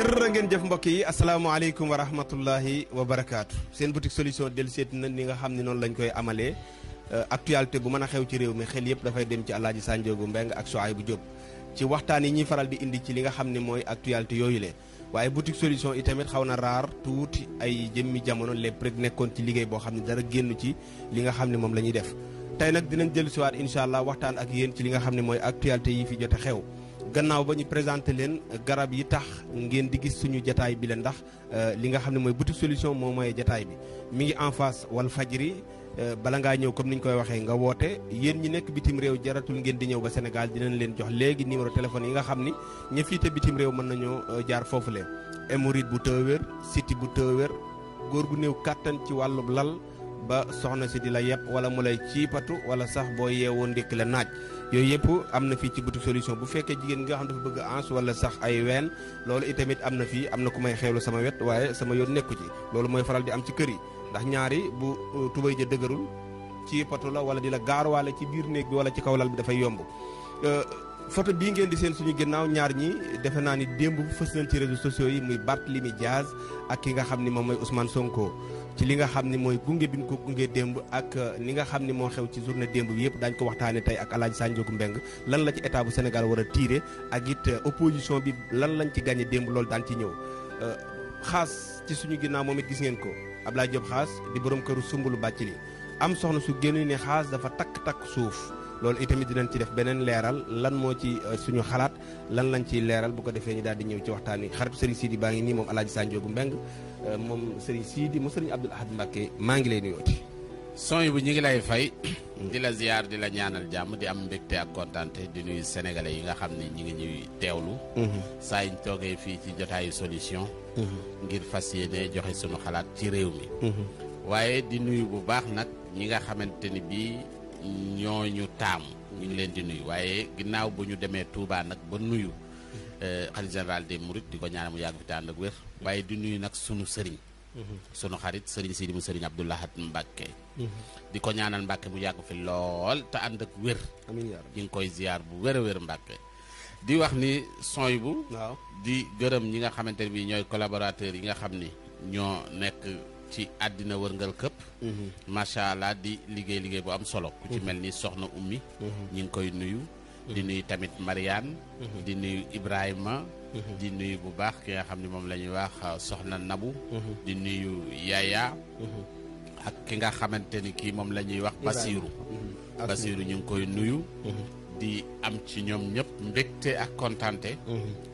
jërë ngeen jëf mbokk yi asalaamaaleykum wa rahmatullahi wa barakaatu seen boutique solution del seet na ni nga xam ne noonu lañ koy amalee euh, actualité bu mën a xew ci réew mi xel yëpp dafay dem ci Alaaji Sanjoogu Mbeng ak Soaybu Jóob ci waxtaan yi ñuy faral di indi ci li nga xam ne mooy actualité yooyu le waaye boutique solution itamit xaw na raar tuuti ay jëmmi jamono lépp rek nekkoon ci liggéey boo xam ne dara génn ci li nga xam ne moom la ñuy def tey nag dinañ jël siwaat incha allah waxtaan ak yéen ci li nga xam ne mooy actualité yi fi jote xew gannaaw ba ñu présenté leen garab yi tax ngeen di gis suñu jataay bi la ndax euh, li nga xam ne mooy boutique solution moo mooy jataay bi mi ngi en face wal fajri euh, bala ngaa ñëw comme ni ñu koy waxee nga woote yéen ñi nekk bitim réew jaratul ngeen di ñëw ba Sénégal dinañ leen jox léegi numéro téléphone yi nga xam ni ña fiite bitim réew mën nañoo euh, jaar foofu leen hémorroïde bu tëwër siti bu tëwër góor gu néew kàttan ci wàllu lal ba soxna si di la yeb wala mu lay ciipatu wala sax boo yeewoo ndékk la naaj yooyu yëpp am na fii ci boutique solution bu fekkee jigéen nga xam dafa bëgg ans wala sax ay ween loolu i tamit am na fii am na ku may xeewlu sama wet waaye sama yoon nekku ci loolu mooy faral di am ci kër yi ndax ñaari bu uh, tubay ja dëgërul ci patu la wala di la gaaruwaale ci biir néeg bi wala ci kaw lal bi dafay yomb foto uh, bii ngeen di seen suñu ginnaaw ñaar ñi defe naa ni démb fës nañ ci réseaux sociaux yi muy Barthélémy Diaz ak ki nga xam ni moom mooy Ousmane Sonko ci li nga xam ne mooy gunge bi mu ko gungee démb ak ni euh, nga xam ne moo xew ci journée démb bi yëpp dañ ko waxtaanee tey ak Alaaji Sanjogu Mbeng lan la ci état bu Sénégal war a tiire ak it euh, opposition bi lan lañ ci gagné démb loolu daan ci ñëw euh, xaas ci suñu ginnaaw moom it gis ngeen ko Ablaye Diop xaas di borom këru sumbulu bàcc li am soxna su génn ne xaas dafa takk takk suuf loolu itamit dinañ ci def beneen leeral lan moo ci euh, suñu xalaat lan lañ ciy leeral bu ko defee ñu daal di ñëw ci waxtaan wi xaritu Serigne Sidi baa ngi nii moom Alaaji Sanjoogu Mbeng euh, moom Serigne Sidi mu Serigne Abdoul Ahad Mbacke maa ngi lay nuyooti. son yi bu ñu ngi lay fay. Mm. di la ziar di la ñaanal jàmm di am mbégte ak kontante di nuyu sénégalais yi nga xam ne ñi ngi ñuy teewlu. Mm-hmm. saa yiñ toogee fii ci jotaayu solution. Mm-hmm. ngir fas yéene joxe sunu xalaat ci réew mi. Mm-hmm. waaye ñi nga xamante ni bii. ñoo ñu taam ñu leen di nuyu waaye ginnaaw bu ñu demee tuubaa nag ba nuyu xarit euh, général de Mourides di ko ñaanal mu yàgg fi te ànd ak wér waaye di nuyu nag sunu sëriñ sunu xarit sëriñ Sidi mu sëriñ Abdou Lahad di ko ñaanal Mbacke mu yàgg fi lool te ànd ak wér ñu ngi koy ziyaar bu wér a wér Mbacke di wax ni sooy bu di gërëm ñi nga xamante ne bi ñooy collaborateurs yi nga xam ni ñoo nekk ci àddina wërngal këpp mhm. macha allah di liggéey liggéey bu am solo ku ci mhm. mel ni soxna ummi mhm. ñi ngi koy nuyu di nuyu tamit Mariane di nuyu Ibrahima di nuyu bu baax ki nga xam ne moom la ñuy wax euh, soxna Nabu di nuyu Yaya ak ki nga xamante ni kii moom la ñuy wax Basiiru Basiiru ñu ngi koy nuyu di am ci ñoom ñëpp mbégte ak kontaante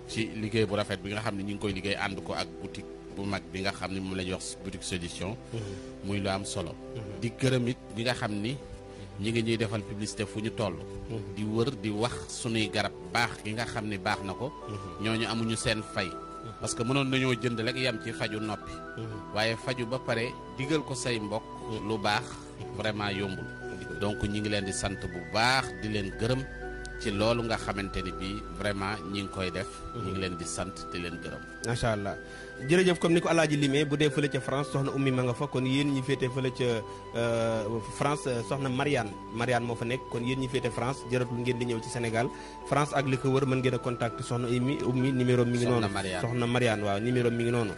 ci liggéey bu rafet bi nga xam ne ñu ngi koy liggéey ànd ko ak boutique bu mag bi nga xam ne moom la ñuy wax boutique solution. Mm-hmm. muy lu am solo. Mm-hmm. di gërëm it ñi nga xam ni ñi ngi ñuy defal publicité fu ñu toll. Mm-hmm. di wër di wax sunuy garab baax yi nga xam ni baax na ko. ñooñu amuñu seen fay. parce que mënoon nañoo jënd rek yam ci faju noppi. waaye faju ba pare digal ko say mbokk lu baax. vraiment yombul. donc ñi ngi leen di sant bu baax di leen gërëm. ci loolu nga xamante ni bii vraiment ñi ngi koy def. ñu ngi leen di sant te leen gërëm. macha allah jërëjëf comme ni ko Alaaji limee bu dee fële ca France soxna ummi ma nga fa kon yéen ñi féete fële ca euh, France euh, moo fa nekk kon yéen ñi féete France jëratul ngeen di ñëw ci Sénégal France ak li ko wër mën ngeen a contacter soxna ummi ummi mi ngi noonu. soxna Marianne waaw numéro mi ngi noonu.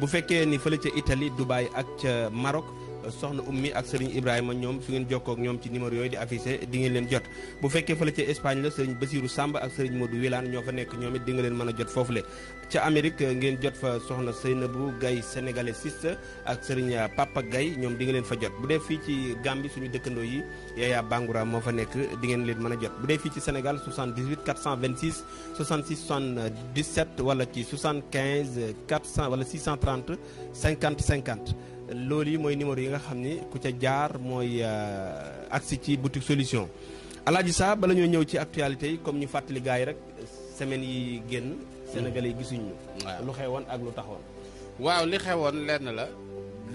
bu fekkee ni fële ca Italie Dubaï ak ca Maroc. soxna ummi ak sëriñ ibrahima ñoom su ngeen jokkoo ñoom ci numéro yooyu di affiché di ngeen leen jot bu fekkee fële ca Espagne la sëriñ Basiru Sàmb ak sëriñ Modou Wilane ñoo fa nekk ñoom it di nga leen mën a jot foofu le ca Amérique ngeen jot fa soxna Seynabou Gaye sénégalais siste ak sëriñ Papa Gaye ñoom di nga leen fa jot bu dee fii ci Gambie suñu dëkkandoo yi Yaya Bangoura moo fa nekk di leen mën a jot bu dee fii ci Sénégal 78 426 66 77 wala ci 75 400 wala 630 50 50 loolu yi mooy numéro yi nga xam ni ku ca jaar mooy euh, agsi ci boutique solution alaaji saa bala ñoo ñëw ci actualité yi comme ñu fàttali gaay rek semaine yi génn sénégalais yi gisuñu lu xewoon ak lu taxoon waaw li xewoon lenn la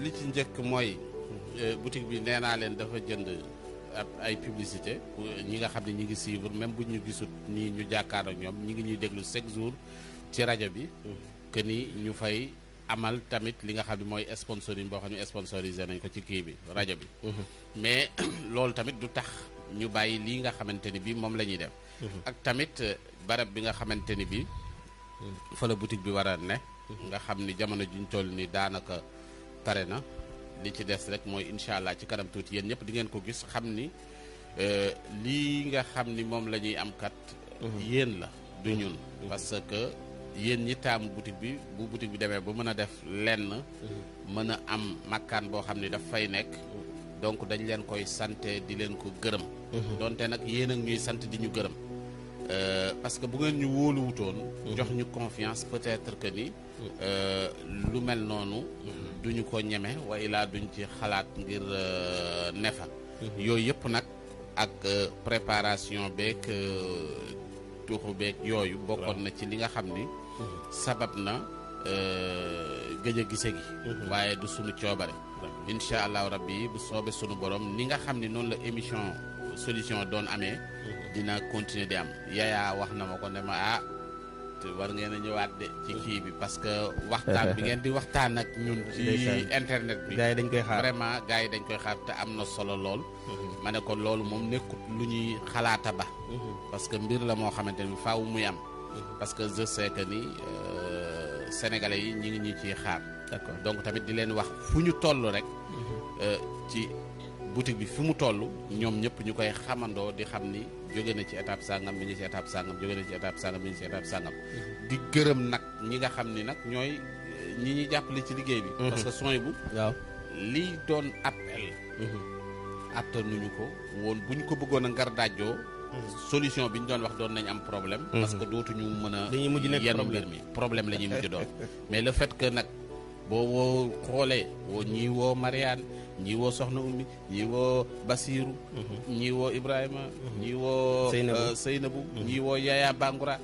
li ci njëkk mooy euh, boutique bi nee naa leen dafa jënd ab ay publicité ñi nga xam ne ñi ngi suivre même bu ñu gisut nii ñu jàkkaar ñoom ñi ngi ñuy déglu chaque jours ci rajo bi mm. que ñu fay amal tamit li nga xam ne mooy sponsoring boo xam ne sponsorisé nañ ko ci kii bi rajo bi. Mhm. mais loolu tamit du tax ñu bàyyi lii nga xamante ni bii moom la ñuy def. Mhm. ak tamit euh, barab bi nga xamante ni bii. Mhm. fa la boutique bi war ne. nga xam ni jamono juñ toll ni daanaka pare na li ci des rek mooy incha allah ci kanam tuuti yéen ñëpp di ngeen ko gis xam ni euh, lii nga xam ni moom la ñuy am kat. yéen la du ñun. parce que yéen ñi taamu boutique bi bu boutique bi demee ba mën a def lenn mhm. mën a am makkaan boo xam ni daf fay nekk donc dañ leen koy sant di leen ko gërëm mhm. donte nag yéen ak ñuy sant di ñu gërëm euh, parce que bu ngeen ñu wóoluwutoon mhm. jox ñu confiance peut-être que ni euh, lu mel noonu duñu ko ñeme wa ilaa duñ ci xalaat ngir euh, nefa yooyu yëpp nag ak préparation beeg tuuxu beeg yooyu bokkoon na ci li nga xam ni sabab na euh, gëj a gise gi mhm. waaye du sunu coobare incha allahu rabbi bu soobee sunu borom ni nga xam ni noonu la émission solution doon amee mhm. dina continuer di am yayaa wax na ma ko ne ma ah war ngeen a ñëwaat de ci mhm. kii bi parce que waxtaan bi ngeen di waxtaan ak ñun ci internet bi gars yi dañ koy xaar vraiment gars yi dañ koy xaar te am na solo lool ma ne ko loolu moom nekkut lu ñuy xalaata ba parce que mbir la moo xamante ni faaw muy am parce que je sais que ni euh, sénégalais yi ñu ngi ñu ciy xaar. donc tamit di leen wax fu ñu toll rek. Mhm. Euh, ci boutique bi fu mu toll ñoom ñëpp ñu koy xamandoo di xam ni jóge na ci étape sangam mi ngi ci étape sangam jóge na mi ngi ci étape mhm. di gërëm nag ñi nga xam ni nag ñooy euh, ñi ñuy jàppale ci liggéey bi. Mhm. parce que son bu. waaw liy doon appel. attanuñu ko woon bu ñu ko bëggoon a ngar daajoo. solution bi ñu doon wax doon nañ am problème. Mhm. parce que dootuñu mën a. dañuy mujj nekk yenn mbir mi problème la ñuy mujj doon. mais la fait que nag boo woo xoolee woo ñii woo Marianne. ñii woo Soxna Ummi ñii woo Basiru mhm. ñii woo Ibrahima mhm. ñii woo euh, Seynabu mhm. ñii woo Yaya Bangoura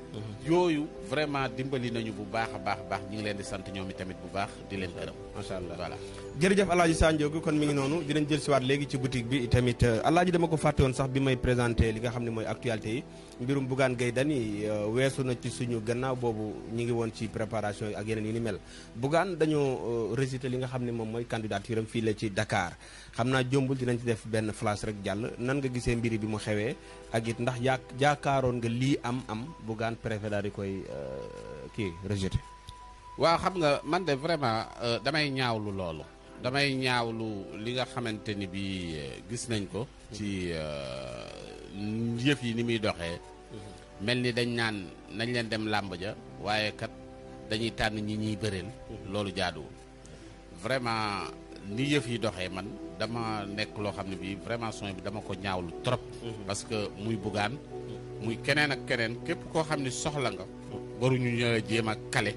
yooyu vraiment dimbali nañu bu baax a baax baax ñi ngi leen di sant ñoom tamit bu baax di leen gërëm macha allah voilà jërëjëf alaaji Sanjoogu kon mi ngi noonu dinañ jël siwaat léegi ci boutique bi tamit euh, alaaji dama ko fàtte woon sax bi may présenté li nga xam ne mooy actualité yi mbirum Bougane Gueye Dany euh, weesu na ci suñu gannaaw boobu ñu ngi woon ci préparation yi ak yeneen yi ni mel Bougane dañoo rejeté li nga xam ne moom mooy candidature am fii la ci Dakar Dakar xam naa jombul nañ si def benn flash rek jàll nan nga gisee mbiri bi mu xewee ak it ndax yaa jaakaaroon nga lii am am Bougane préfet daal di koy euh, kii rejeté. waaw xam nga man de vraiment euh, damay ñaawlu loolu. damay ñaawlu li nga xamante ni bi euh, gis nañ ko. ci yëf yi ni muy doxee. mel ni dañ naan nañ leen dem làmb ja waaye kat dañuy tànn ñi ñuy bëreel. loolu jaaduwul ni yëf yi doxee man dama nekk loo xam ne bii vraiment son bi dama ko ñaawlu trop. Mhm. parce que muy buggaan muy keneen ak keneen képp koo xam ne soxla nga. waruñu ñëw jéem a kale.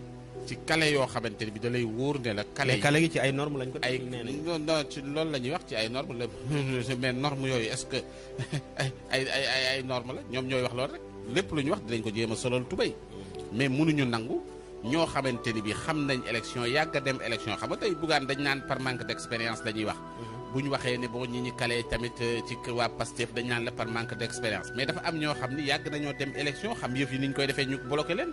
ci kale yoo xamante ne bi da lay wóor ne la. kale yi ci ay normes lañ ko. ay non non loolu la ñuy wax ci ay normes la mais normes yooyu est-ce que ay ay ay normes la ñoom ñooy wax loolu rek lépp lu ñu wax dinañ ko jéem a solal tubéy mhm. mais mënuñu nangu. ñoo xamante ni bi xam nañ élection yàgg a dem élection xam nga tey buggaan dañ naan par manque d'expérience dañuy wax mhm. bu ñu waxee ne boo ñi ñi kalee tamit euh, ci waa Pastef dañ naan la par manque d'expérience mais dafa am ñoo xam ni yàgg nañoo dem élection xam yëf yi ni koy defee ñu bloqué leen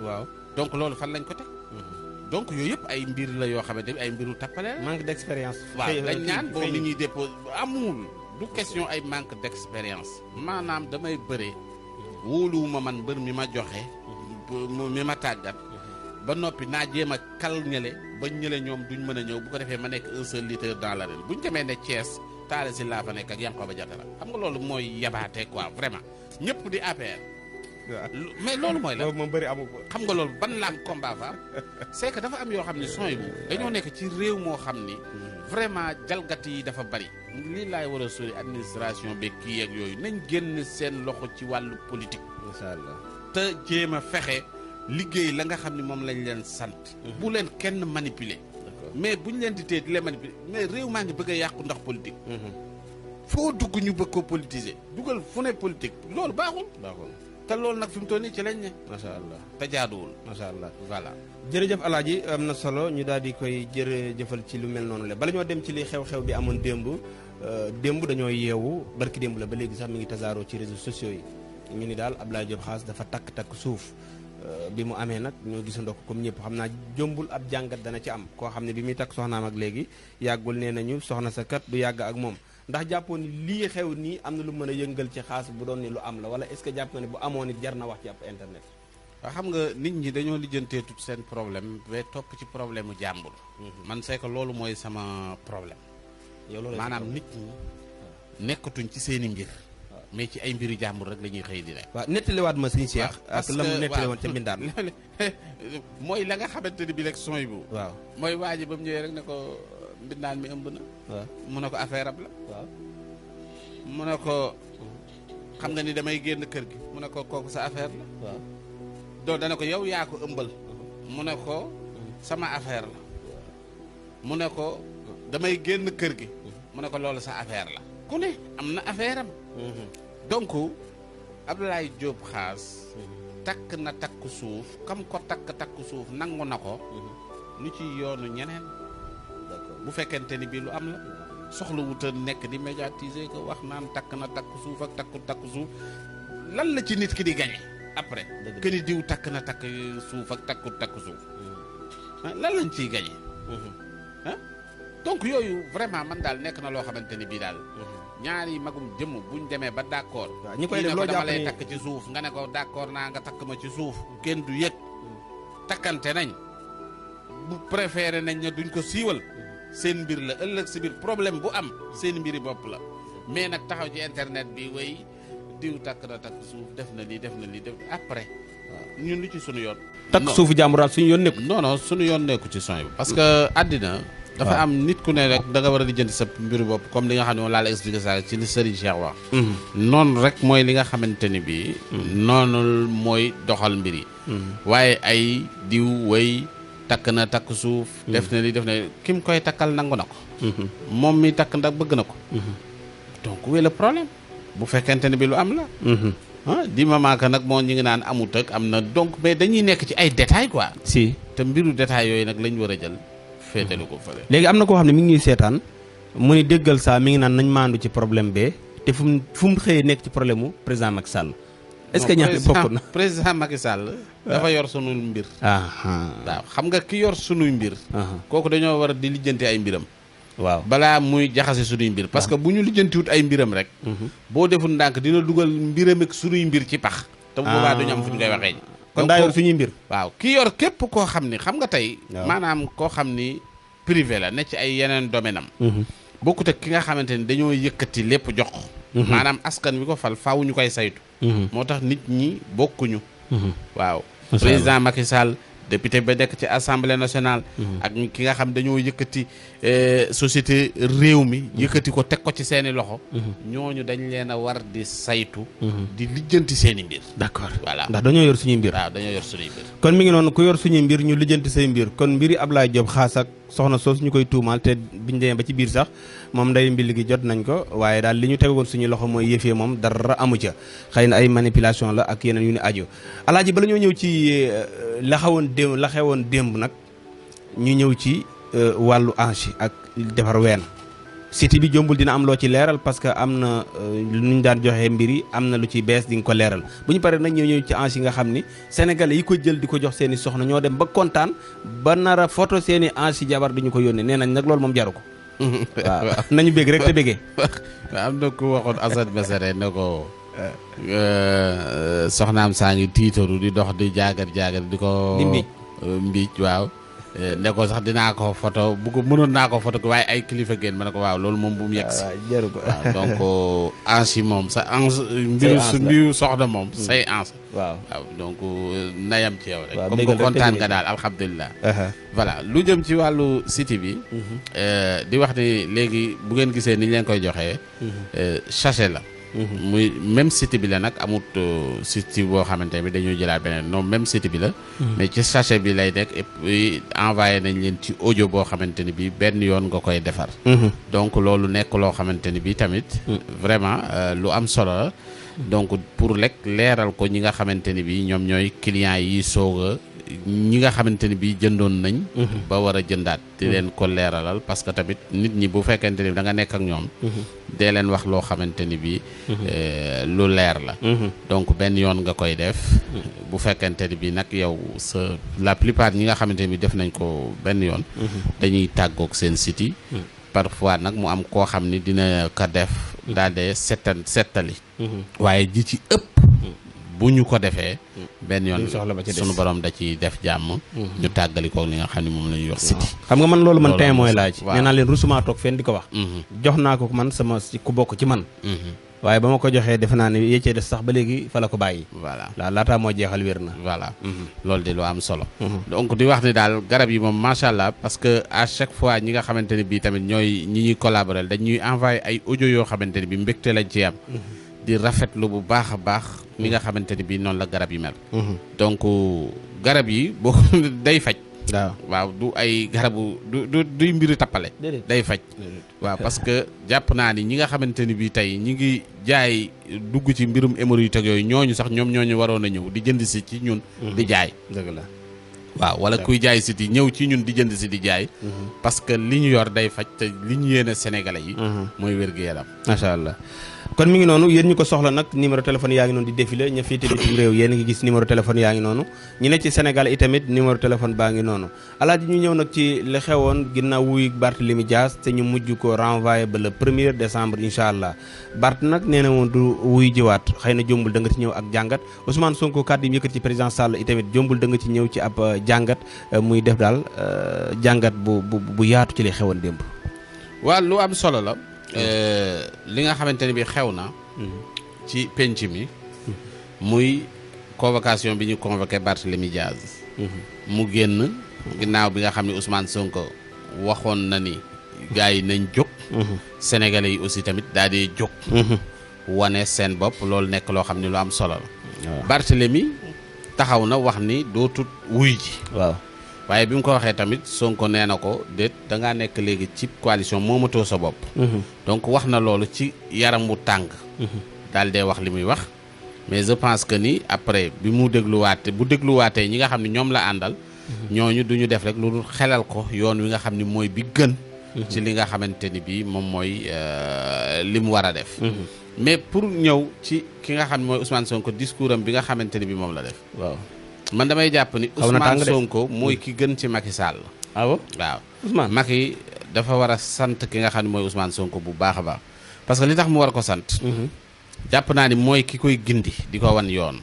waaw donc loolu fan lañ ko teg mhm. donc yooyu yëpp ay mbir la yoo xamante ni ay mbiru tappale manque d'expérience waaw dañ naan boo nit ñuy déposé amul du question ay manque d'expérience maanaam damay bëree mhm. wóoluwuma man mbër mi ma joxe mi ma tàggat ba noppi naa jéem a kal ñële ba ñële ñoom duñ mën a ñëw bu ko defee ma nekk un seul leader dans bu ñu demee ne Thiès taale si laa fa nekk ak Yankhoba Diattara xam nga loolu mooy yabaate quoi vraiment ñëpp di APR. mais loolu mooy la loolu moom bëri amul xam nga loolu ban laam combat fa c'est dafa am yoo xam ne son yi dañoo nekk ci réew moo xam ni. vraiment jalgati yi dafa bari. lii laay war a sori administration beeg kii yeeg yooyu nañ génn seen loxo ci wàllu politique. fexe. liggéey la nga xam ni moom lañ leen sant. Mhm. bu leen kenn manipuler. mais bu ñu leen di téye di leen manipuler mais réew maa ngi bëgg a yàqu ndax politique. Mhm. foo dugg ñu bëgg ko politiser dugal fu ne politique loolu baaxul. baaxul te loolu nag fi mu toll nii ci lañ ne. macha allah te jaaduwul. macha allah voilà. jërëjëf alaaji am na solo ñu daal di koy jëfal ci lu mel noonu la bala ñoo dem ci li xew-xew bi amoon démb euh, démb dañoo yeewu barki démb la ba léegi sax mu ngi tasaaroo ci réseaux sociaux yi ñu ni daal Abdoulaye Diop Khass dafa takk takk suuf. Euh, bi mu amee nag ñoo gisu ko comme ñëpp xam naa jombul ab jàngat dana ci am koo xam ne bi muy takk soxnaam ak léegi yàggul nee nañu soxna sa kat du yàgg ak moom ndax jàppoon lii xew nii am na lu mën a yëngal ci xaas bu doon nii lu am la wala est-ce que jàpp nga ne bu amoon it jar na wax ci ab internet xam nga nit ñi dañoo lijjantee tout seen problème ba topp ci problème mu jàmbur mhm. man c'est que loolu mooy sama problème yow loolu maanaam nit ñi nekkatuñ ci seeni mbir mais ci ay mbiru jàmbur rek la ñuy xëy di ne. waaw nettaliwaat ma sëñ Cheikh. ak la mu nettali mooy la nga xamante ni bi rek son bu. waaw mooy waa ji ñëwee rek ne ko mbindaan mi ëmb na. mu ne ko affaire ab la. waaw mu ne ko xam nga ni damay génn kër gi. mu ne ko kooku sa affaire la. dana ko yow yaa ko ëmbal. mu ne ko sama affaire mu ne ko damay génn kër gi. mu ne ko loolu sa affaire la. ku ne am na affaire mm-hmm. donc Abdoulaye jóob xaas takk na takk suuf kam ko takk takk suuf nangu na ko lu ci yoonu ñeneen bu fekkente ni bii lu am la soxla wuta nekk di médiatiser ko wax naan takk na takk suuf ak takku takk suuf lan la ci nit ki di gañe après que diw takk na takk suuf ak takku takk suuf mm-hmm. lan lañ ciy gañe ah donc yooyu vraiment man daal nekk na loo xamante ni bii daal mm-hmm. ñaari magum jëmm buñ demee ba d'accord. ñi koy def loo jàpp ne ko takk ci suuf nga ne ko d'accord naa nga takk ma ci suuf kenn du yëg. takkante nañ bu préféré nañ ne duñ ko siiwal seen mbir la ëllëg si biir problème bu am seen mbiri bopp la mais nag taxaw ci internet bi way diw takk na takk suuf def na lii def na lii def après ñun lu ci sunu yoon. takk suufu jàmbur daal suñu yoon nekku non sunu yoon nekku ci son bi parce mm. que àddina. dafa am nit ku ne rek danga war a lijjanti sa mbiru bopp comme li nga xam ne moom laa la expliqué saa ci li Serigne Cheikh wax. Mhm. noonu rek mooy li nga xamante ni bii. Mhm. noonu mooy doxal mbir yi. Mhm. waaye ay diw way takk na takk suuf. def na li def na ki mu koy takkal nangu na ko. moom mi takk ndax bëgg na ko. donc où est problème bu fekkente ne bi lu am la. ah di mamaaka nag moom ñu ngi naan amut ak am na donc mais dañuy nekk ci ay détails quoi. si te mbiru détails yooyu nag lañ war a jël. féetale ko fële. léegi am na koo xam ne mi ngi ñuy seetaan mu ni déggal saa mi ngi naan nañ maandu ci problème bee te fu mu fu mu xëyee nekk ci problème mu président Macky Sall. est-ce que ñaar bokk na président Macky Sall. dafa yor sunu mbir. waaw xam nga ki yor sunuy mbir. kooku dañoo war di lijjanti ay mbiram. waaw balaa muy jaxase sunuy mbir parce que bu ñu lijjantiwut ay mbiram rek. Mhm. boo deful ndànk dina dugal mbiram ak sunuy mbir ci pax. te bu boobaa duñu am fu ñu koy waxee. Ah. kon daa yor suñuy mbir. waaw ki yor képp koo xam ni xam nga tey. maanaam koo xam ni privé la ne ci ay yeneen domaine am mhm. bokkut ak ki nga xamante ni dañoo yëkkati lépp jox mhm. maanaam askan wi ko fal faaw ñu koy saytu mhm. moo tax nit ñi bokkuñu waaw président Macky Sall ba nekk ci assemblée nationale ak ki nga xam dañoo yëkkati Eh, société réew mi yëkkati ko teg ko ci seeni loxo mhm. ñooñu dañ leen a war di saytu mhm. di lijjanti seeni mbir d'accord voilà ndax dañoo yor suñuy mbir waaw dañoo yor suñuy kon mi ngi noonu ku yor suñuy mbir ñu lijjanti say mbir kon mbiri Ablaye Diop xaas ak soxna soos ñu koy tuumaal te biñ demee ba ci biir sax moom nday mbil gi jot nañ ko waaye daal li ñu tegoon suñu loxo mooy yëfee moom dara amu ca xëy na ay manipulation la ak yeneen yu ne aju alaaji bala ñoo ñëw ci eh, la xawoon démb démb nag Euh, wàllu ange ak defar ween siti bi jombul dina am loo ci leeral parce que am na euh, nu ñu daan joxe mbir yi am na lu ci bees di nga ko leeral bu ñu paree nag ñëw ñëw ci ange yi nga xam ni sénégalais yi ko jël di ko jox seeni soxna ñoo dem ba kontaan ba nar a photo seen i ange jabar duñu ko yónnee nee nañ nag lool moom jaru ko waaw nañu bégg rek te béggee am na ku waxoon Assane Besere ne ko euh, soxnaam saa ngi tiitaru di dox di jaagar jaagar di ko mbiic waaw Eh, ne ko sax dinaa ko photo bu ko mënoon naa ko photo waaye ay kilifa génn ma ne ko waaw loolu moom bu mu yegg si ko donc euh, ange yi moom sa ange mbiru soxna moom hmm. say ange waaw waaw donc euh, nayam ci yow rek comme que kontaan nga daal alhamdulilah uh-huh. voilà lu jëm ci wàllu siti bi mm-hmm. euh, di wax ni léegi bu ngeen gisee ni ñu leen koy joxee mm-hmm. sachet la muy même site bi la nag amut site euh, boo xamante ne bi dañoo jëlaat beneen non même site bi la. Mm-hmm. mais ci sachet bi lay nekk et puis envoyé nañ leen ci audio boo xamante ni bi benn yoon nga koy defar. Mm-hmm. donc loolu nekk loo xamante ni bi tamit. Mm-hmm. vraiment euh, lu am solo la. donc pour lekk leeral ko ñi nga xamante ni bi ñoom ñooy clients yi soog ñi nga xamante ni bi jëndoon nañ mhm. ba war a jëndaat di mhm. leen ko leeralal parce que tamit nit ñi bu fekkente ni da nga nekk ak ñoom mhm. dee leen wax loo xamante ni bi eh, lu leer la donc benn yoon nga koy def bu fekkente ni bi nag yow sa la plupart ñi nga xamante ni bi def nañ ko benn yoon dañuy tàggook seen siti yi parfois nag mu am koo xam ni dina ko def daal de setan waaye ji ci ëpp bu ñu ko defee mm. benn yoon sunu borom da ci def jàmm mm-hmm. ñu tàggali ko li nga xam ne moom la ñuy wax siti xam nga man loolu man tey mooy laaj nee naa leen rusuma toog fenn di ko wax mm-hmm. jox naa ko man sama ku bokk ci man mm-hmm. waaye ba ma ko joxee defe naa ne yéccee des sax ba léegi fa la ko bàyyi waa laa laataa moo jeexal wér na voilà loolu de lu am solo donc di wax ni daal garab yi moom macha allah parce que à chaque fois ñi nga xamante ne bii tamit ñooy ñi ñuy collaborer dañuy envoyé ay audio yoo xamante ne bi mbégte lañ ci am di rafetlu bu baax a baax mi nga xamante ni bii noonu la garab yi mel. Mhm. donc garab yi boo day faj. waaw du ay garabu du duy mbiru tappale day faj waaw parce que jàpp naa ni ñi nga xamante ni bii tey ñi ngi jaay dugg ci mbirum hémorroïde ak yooyu ñooñu sax ñoom ñooñu waroon a ñëw di jënd si ci ñun mhm. di jaay la waaw wala kuy jaay si di ñëw ci ñun di jënd si di jaay mhm. parce que li ñu yor day faj te li ñu yéene Sénégalais yi mooy wér-gu-yaram macha allah kon mi ngi noonu yéen ñu ko soxla nag numéro téléphone yaa ngi noonu di défilé ña féete bitim réew yéen a ngi gis numéro téléphone yaa noonu ñu ne ci Sénégal itamit numéro téléphone baa ngi noonu alaaji ñu ñëw nag ci li xewoon ginnaaw wuy Barthélemy Dias te ñu mujj ko renvoyé ba le premier décembre incha allah Barth nag nee na woon du wuy jiwaat xëy na jombul danga nga ci ñëw ak jàngat Ousmane Sonko kàddu yi mu yëkkati ci président Sall itamit jombul da nga ci ñëw ci ab euh, jàngat euh, muy def daal euh, jàngat bu bu yaatu ci xewoon démb. Euh, li nga xamante ne bi xew na ci pénc mi muy convocation bi ñu convoqué Barthélémy Diaz mu génn ginnaaw bi nga xam ne Ousmane Sonko waxoon na ni gars yi nañ jóg sénégalais yi aussi tamit daal di jóg wane seen bopp loolu nekk loo xam ne lu am solo la Barthélémy taxaw na wax ni dootut wuy ji waaw waaye bi mu ko waxee tamit Sonko nee na ko déet da ngaa nekk léegi ci coalition moomatoo sa bopp. Mhm. donc wax na loolu ci yaram wu tàng. Mhm. daal dee wax li muy wax. mais je pense que ni après bi mu dégluwaate bu dégluwaatee ñi nga xam ne ñoom la àndal. Mhm. ñooñu du ñu def rek lu xelal ko yoon wi nga xam ni mooy bi gën. ci li nga xamante ni bii moom mooy euh, li mu war a def. mais pour ñëw ci ki nga xam ne mooy Ousmane Sonko discours am bi nga xamante ni bii moom la def waaw. man damay jàpp ni Ousmane Sonko mooy mm. ki gën ci Macky Sall. ah bon waaw Ousmane Macky dafa war a sant ki nga xam ne mooy Ousmane Sonko bu baax a baax parce que li tax mu war ko sant. Mm-hmm. jàpp naa ni mooy ki koy gindi di ko wan yoon.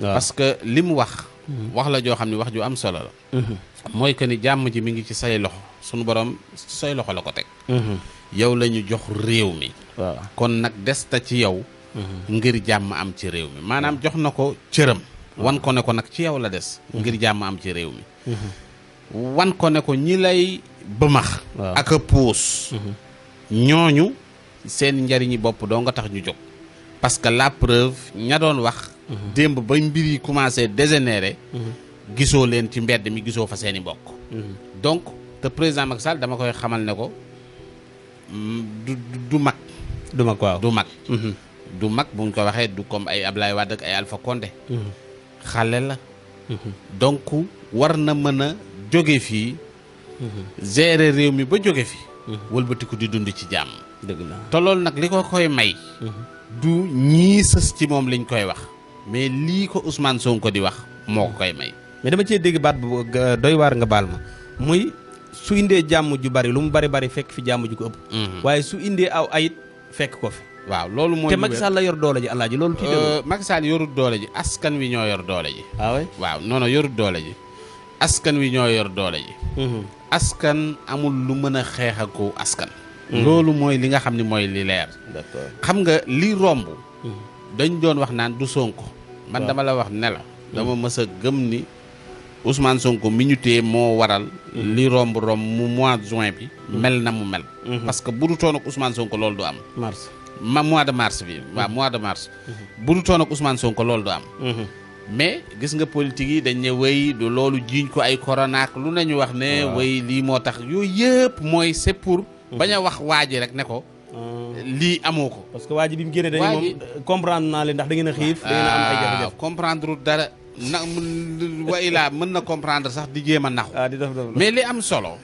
parce que li mu wax. Mm-hmm. wax la joo xam ne wax ju am solo la. Mm-hmm. mooy que ni jàmm ji mi ngi ci say loxo sunu borom say loxo la ko teg. yow la ñu jox réew mi. kon nag des ta ci yow. ngir jàmm am ci réew mi maanaam jox na ko cëram. wan ko ne ko nag ci yow la des ngir jàmm am ci réew mi wan ko ne ko ñi lay bëmax ak a mhm. ñooñu seen njariñi bopp doo nga tax ñu jóg parce que la preuve ña doon wax mhm. démb ba mbir yi commencé dégénérer mhm. gisoo leen ci mbedd mi gisoo fa seen i mbokk donc te président Macky Sall dama koy xamal ne ko mm, du mag du mag waaw du mag du mag bu ñu ko waxee du comme ay ab laay waa ak ay Alpha Condé xale la mhm. donc war na mën a jóge fii mhm. gérer réew mi ba jóge fi mhm. wëlbatiku di dund ci jàmm dégg la te loolu nag li ko koy may du ñii sës ci moom liñ koy wax mais lii ko Ousmane ko di wax moo ko koy may mais dama cee dégg baat bu doy waar nga baal ma muy su indee jàmm ju bari lu mu bari bari fekk fi jàmm ju ko ëpp waaye su indee aw ayit fekk ko fi waaw loolu mooy. te Macky la yor doole ji alaaji loolu. tuuti euh, Macky Sall yorut doole ji askan wi ñoo yor doole ji. waaw ah waaw non doole ji. askan wi ñoo yor doole ji. Mm-hmm. askan amul lu mën a xeex ak ko askan. Mm-hmm. loolu mooy li nga xam ni mooy li leer. xam nga li romb. Mm-hmm. dañ doon wax naan du Sonko. man dama la wax ne dama mësa gëm ni Ousmane Sonko mi ñu téye moo waral. li romb romb mu mois de juin bi. mel na mu mel. parce que bu du toon ak Ousmane Sonko loolu du am. mars ma mois de mars bi waaw mm-hmm. mois de mars mm-hmm. bu du toon ak Ousmane ko loolu du am mm-hmm. mais gis nga politique yi dañ ne wéy loolu jiiñ ko ay koronaak lu nañu wax ne wéy lii moo tax yooyu yëpp mooy c'est pour bañ a wax waa rek ne ko mm. lii amoo ko parce que waa bi mu génnee dañ moom euh, comprendre naa leen ndax da ngeen a xiif da ngeen ah, dara na wa ilaa mën na comprendre sax di jéem a naxu ah, mais li am solo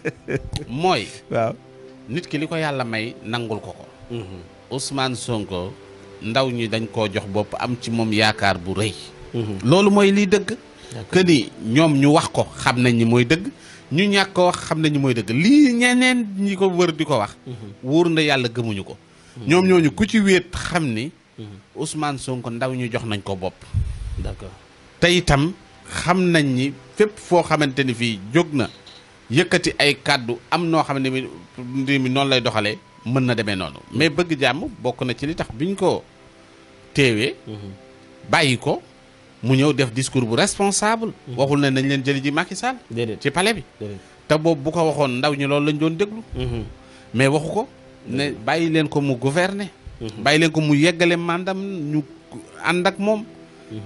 mooy nit ki li ko yàlla may nangul ko ko Ousmane Sonko ndaw ñi dañ koo jox bopp am ci moom yaakaar bu rëy. Mhm. loolu mooy liy dëgg. que ni ñoom ñu wax ko xam nañ ni mooy dëgg. ñu ñàkk ko wax xam nañ ni mooy dëgg lii ñeneen ñi ko wër di ko wax. Mhm. wóor na yàlla gëmuñu ko. Mhm. ñoom ñooñu ku ci wéet xam ni. Ousmane Sonko ndaw ñi jox nañ ko bopp. d'accord te itam xam nañ ni fépp foo xamante ni fii jóg na yëkkati ay kàddu am noo xam ni mi noonu lay doxalee. mën na demee noonu mais bëgg jàmm bokk na ci li tax bi ñu ko teewee. bàyyi ko mu ñëw def discours bu responsable. Mhm. waxul ne nañ leen jëli ji Macky Sall. ci pale bi. te boobu bu ko waxoon ndaw ñi loolu lañ doon déglu. Mhm. mais waxu ko ne bàyyi leen ko mu gouverner. Mhm. bàyyi leen ko mu yeggale mandam ñu ànd ak moom.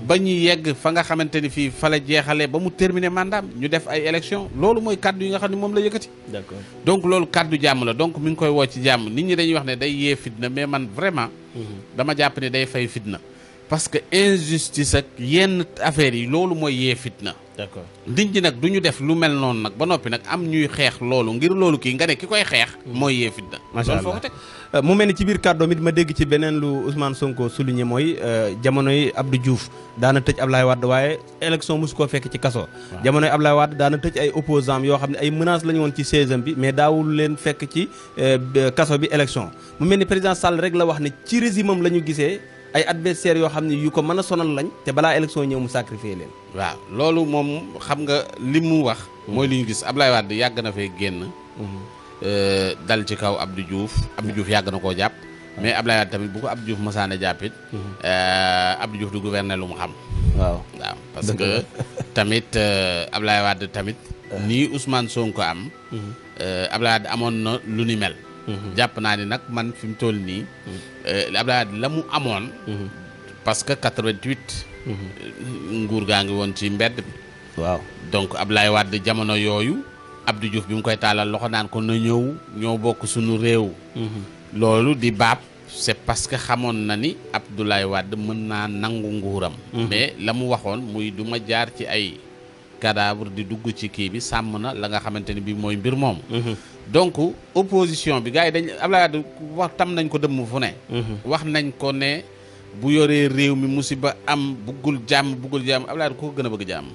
ba ñu yegg fa nga xamante ni fii fa la jeexalee ba mu terminer mandaam ñu def ay élection loolu mooy kàddu yi nga xam ne moom la yëkkati. d'accord donc loolu kàddu jàmm la donc mi ngi koy woo ci jàmm nit ñi dañuy wax ne day yee fitna mais man vraiment. Mhm. dama jàpp ne day fay fitna. parce que injustice ak yenn affaires yi loolu mooy yee na d'accord nit ñi nag du ñu def lu mel noonu nag ba noppi nag am ñuy xeex loolu ngir loolu kii nga ne ki koy xeex. Mm. mooy yee fitna. macha allah euh, mu mel ni ci biir kàddoom ma dégg ci beneen lu Ousmane Sonko souligné mooy euh, jamonoy Abdou Diouf daana tëj Ablaye Wade waaye élection mosu koo fekk ci kaso. waaw jamonoy Ablaye Wade daana tëj ay opposants yoo xam ne ay menaces la woon ci saison bi mais daawul leen ci euh, kaso bi élection mu mel ni président Sall rek la wax ne ci régime am la ñu gisee. ay adversaires yoo xam ne yu ko mën a sonal lañ te balaa élection ñëw mu sacrifier leen waaw loolu moom xam nga li mu wax mooy li ñu gis Ablaye Wade yàgg na fee génn mhm. dal ci kaw ab juuf ab Abdou juuf yàgg na koo jàpp mais Ablaye Wade tamit bu ko Abdou Diouf masaane jàppit mhm. euh, Abdou Diouf du gouverner lu mu xam waaw waaw parce que tamit euh, Ablaye Wade tamit euh. nii Ousmane Sonko am mhm. Ablaye Wade amoon na lu ni mel jàpp naa ni nag man fi mu toll nii. Euh, Abdoulaye Wade la mu amoon. parce que 88. Euh, nguur gaa ngi woon ci mbedd bi. waaw donc Abdoulaye Wade jamono yooyu. Abdou Diouf bi mu koy tàllal loxo naan ko na ñëw ñoo bokk suñu réew. loolu di baab. c'est parce que xamoon na ni Abdoulaye Wade mën naa nangu nguuram. Mhm. mais la mu waxoon muy du jaar ci ay. cadavre di dugg ci kii bi sàmm na la nga xamante ni bi mooy mbir moomu mhm. donc opposition bi gars yi dañ Abdoulaye Wade wax tam nañ ko dëmm fu ne mhm. wax nañ ko ne bu yoree réew mi musiba am buggul jàmm buggul jàmm Abdoulaye Wade ko ko gën a bëgg jàmm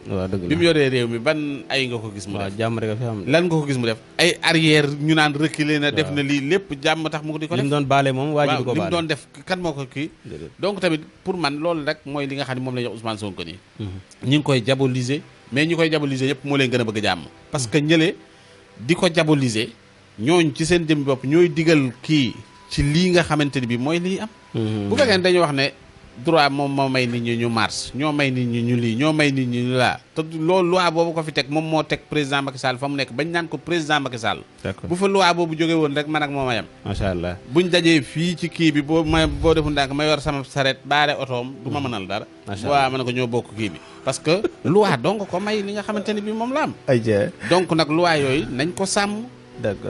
bi mu yoree réew mi ban ay nga ko gis mu def jàmm lan nga ko gis mu def ay arrière ñu naan reculer na def na lii lépp jàmm tax mu di ko def li mu doon baale moom waajur ko baale li mu doon def kan moo ko kii donc tamit pour man loolu rek mooy li nga xam ne moom la ñu wax Ousmane Sonko nii mhm. ñi ngi koy diaboliser mais ñi koy diaboliser ñëpp moo leen gën a bëgg jàmm parce que ñële di ko diaboliser ñooñ ci seen jëm bopp ñooy digal kii ci lii nga xamante ni bi mooy lii am mm-hmm. bu fekkee dañuy wax ne droit moom moo may nit ñi ñu mars ñoo may nit ñi ñu lii ñoo may nit ñi ñu laa te loolu loi boobu ko fi teg moom moo teg président Macky Sall fa mu nekk bañ naan ko président Macky Sall bu fa loi boobu jóge woon rek man ak moo ma yem macha allah buñ dajee fii ci kii bi boo ma boo defu ndànk ma yor sama saret baare otoom du ma mm. mënal dara waaw ma ne ko ñoo bokk kii bi parce que loi donc ko may li nga xamante ne bii moom la am donc nag loi yooyu nañ ko sàmm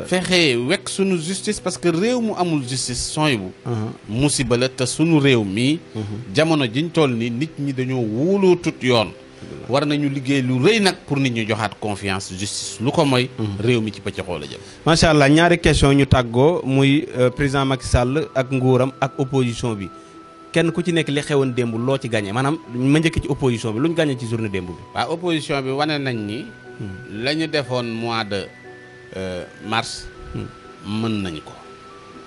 fexe wekk sunu justice parce que réew mu amul justice sooy bu uh-huh. musiba la te sunu réew mi uh-huh. jamono jiñ toll ni nit ñi dañoo wóoloo tut yoon war nañu liggéey lu rëy nag pour nit ñu joxaat confiance justice lu ko moy uh-huh. réew mi ci pëccëxoo la jëm macha allah ñaari question ñu tàggoo muy euh, président Macky Sall ak nguuram ak opposition bi kenn ku ci nekk li xewoon démb loo ci gagné maanaam ma njëkk ci opposition bi lu ñu gagné ci journée démb bi waaw opposition bi wane nañ ni hmm. la defoon mois de Euh, mars hmm. mën nañ ko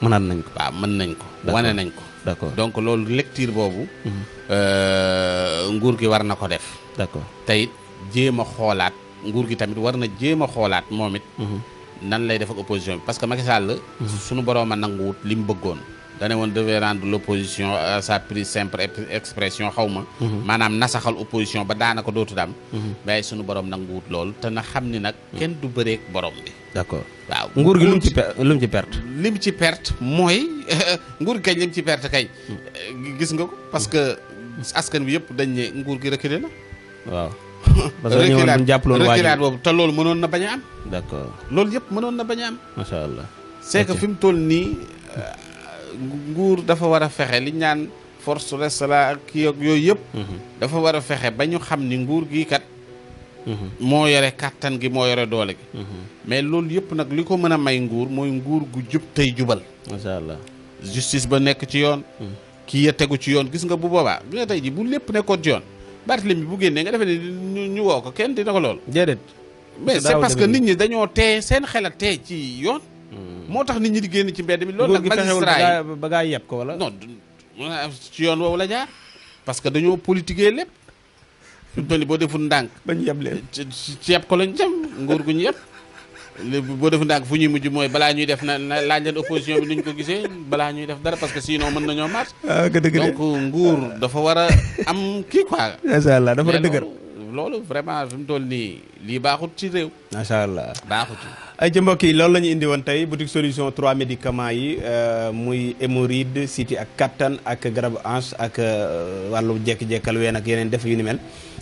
mënaat nañ ko waaw mën nañ ko wane nañ ko d'accord donc loolu lecture boobu hmm. euh, nguur gi war na ko def d'accord teyit jéem a xoolaat nguur gi tamit war na jéem a xoolaat moom it hmm. nan lay def ak opposition bi parce que Macky Sall suñu boroom a nanguwut li mu bëggoon dane woon devait rendre l'opposition à sa plus simple expression xaw ma maanaam nasaxal opposition ba daanako dootu daam waaye suñu boroom nanguwut loolu te na xam ni nag kenn du bëreek borom bi d'accord waaw nguur gi lu mu ci lu ci perte. li mu ci perte mooy nguur gi kañ li ci perte kay. Hmm. gis nga ko parce que askan bi yëpp dañ ne nguur gi reculé na. waaw parce que ñëwoon bu ñu jàppaloon waa reculé boobu te loolu mënoon na bañ a am. d'accord lool yëpp mënoon na bañ a am. macha allah c'est que fi mu toll nii euh, nguur dafa war a fexe liñ ñaan force restala ak yooyu yëpp. Hmm. dafa war a fexe ba ñu xam ni nguur gii kat. moo yore kàttan gi moo yore doole gi mhm. mais loolu yëpp nag li ko mën a may nguur mooy nguur gu jub tey jubal macha allah justice ba nekk ci yoon mhm. kii ya tegu ci yoon gis nga bu boobaa bi nga tey ji bu lépp nekkoon ci yoon Barthélemy bu génnee nga defee ne ñu ko kenn dina ko lool déedéet mais c'est parce que nit ñi dañoo tee seen xel a tee ci yoon mhm. moo tax nit ñi di génn ci mbedd mi loolu nag magistrat yi ba gaa yeb ko wala non ci yoon woowu la jaar parce que dañoo politiquer lépp fi toll nii boo deful ndànk. bañ yeb leen ceeb ko lañ jëm nguur gu ñu yeb. boo defu ndànk fu ñuy mujj mooy balaa ñuy def na laaj leen opposition bi ñu ko gisee balaa ñuy def dara parce que sinon mën nañoo marche. waaw ah, dëgg donc nguur dafa war a am kii quoi. macha allah dafa vraiment fi mu toll nii lii baaxut ci réew. macha allah baaxut ci. ay ci mbokk yi loolu la ñu indi woon tey boutique solution trois médicaments yi euh, muy hémorroïde siti ak kattan ak garabu ange ak euh, wàllu jekk-jekkal ween ak yeneen def yu ni mel.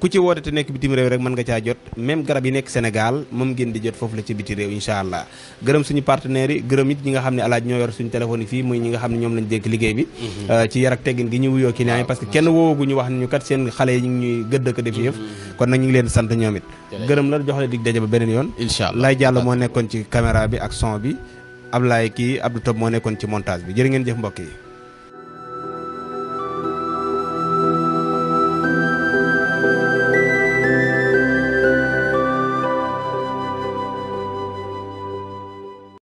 ku ci woote te nekk bitim réew rek mën nga caa jot même garab yi nekk Sénégal moom ngeen di jot foofu la ci biti réew incha allah gërëm suñu partenaires yi gërëm nga xam ne alaaj ñoo yor suñu téléphone yi fii muy ñi nga xam ne ñoom lañ dénk liggéey bi mhm. euh, ci yar teggin gi ñu wuyoo client yi parce que kenn woowaguñu wax ne ñu kat seen xale yi ngi ñuy gëdd ko def yëf mhm. kon nag ñu ngi leen sant ñoom it gërëm la jox la dig daje ba beneen yoon incha allah lay jàll moo nekkoon ci caméra bi ak son bi Ablaye kii Abdou Top nekkoon ci montage bi jërë ngeen jëf mbokk yi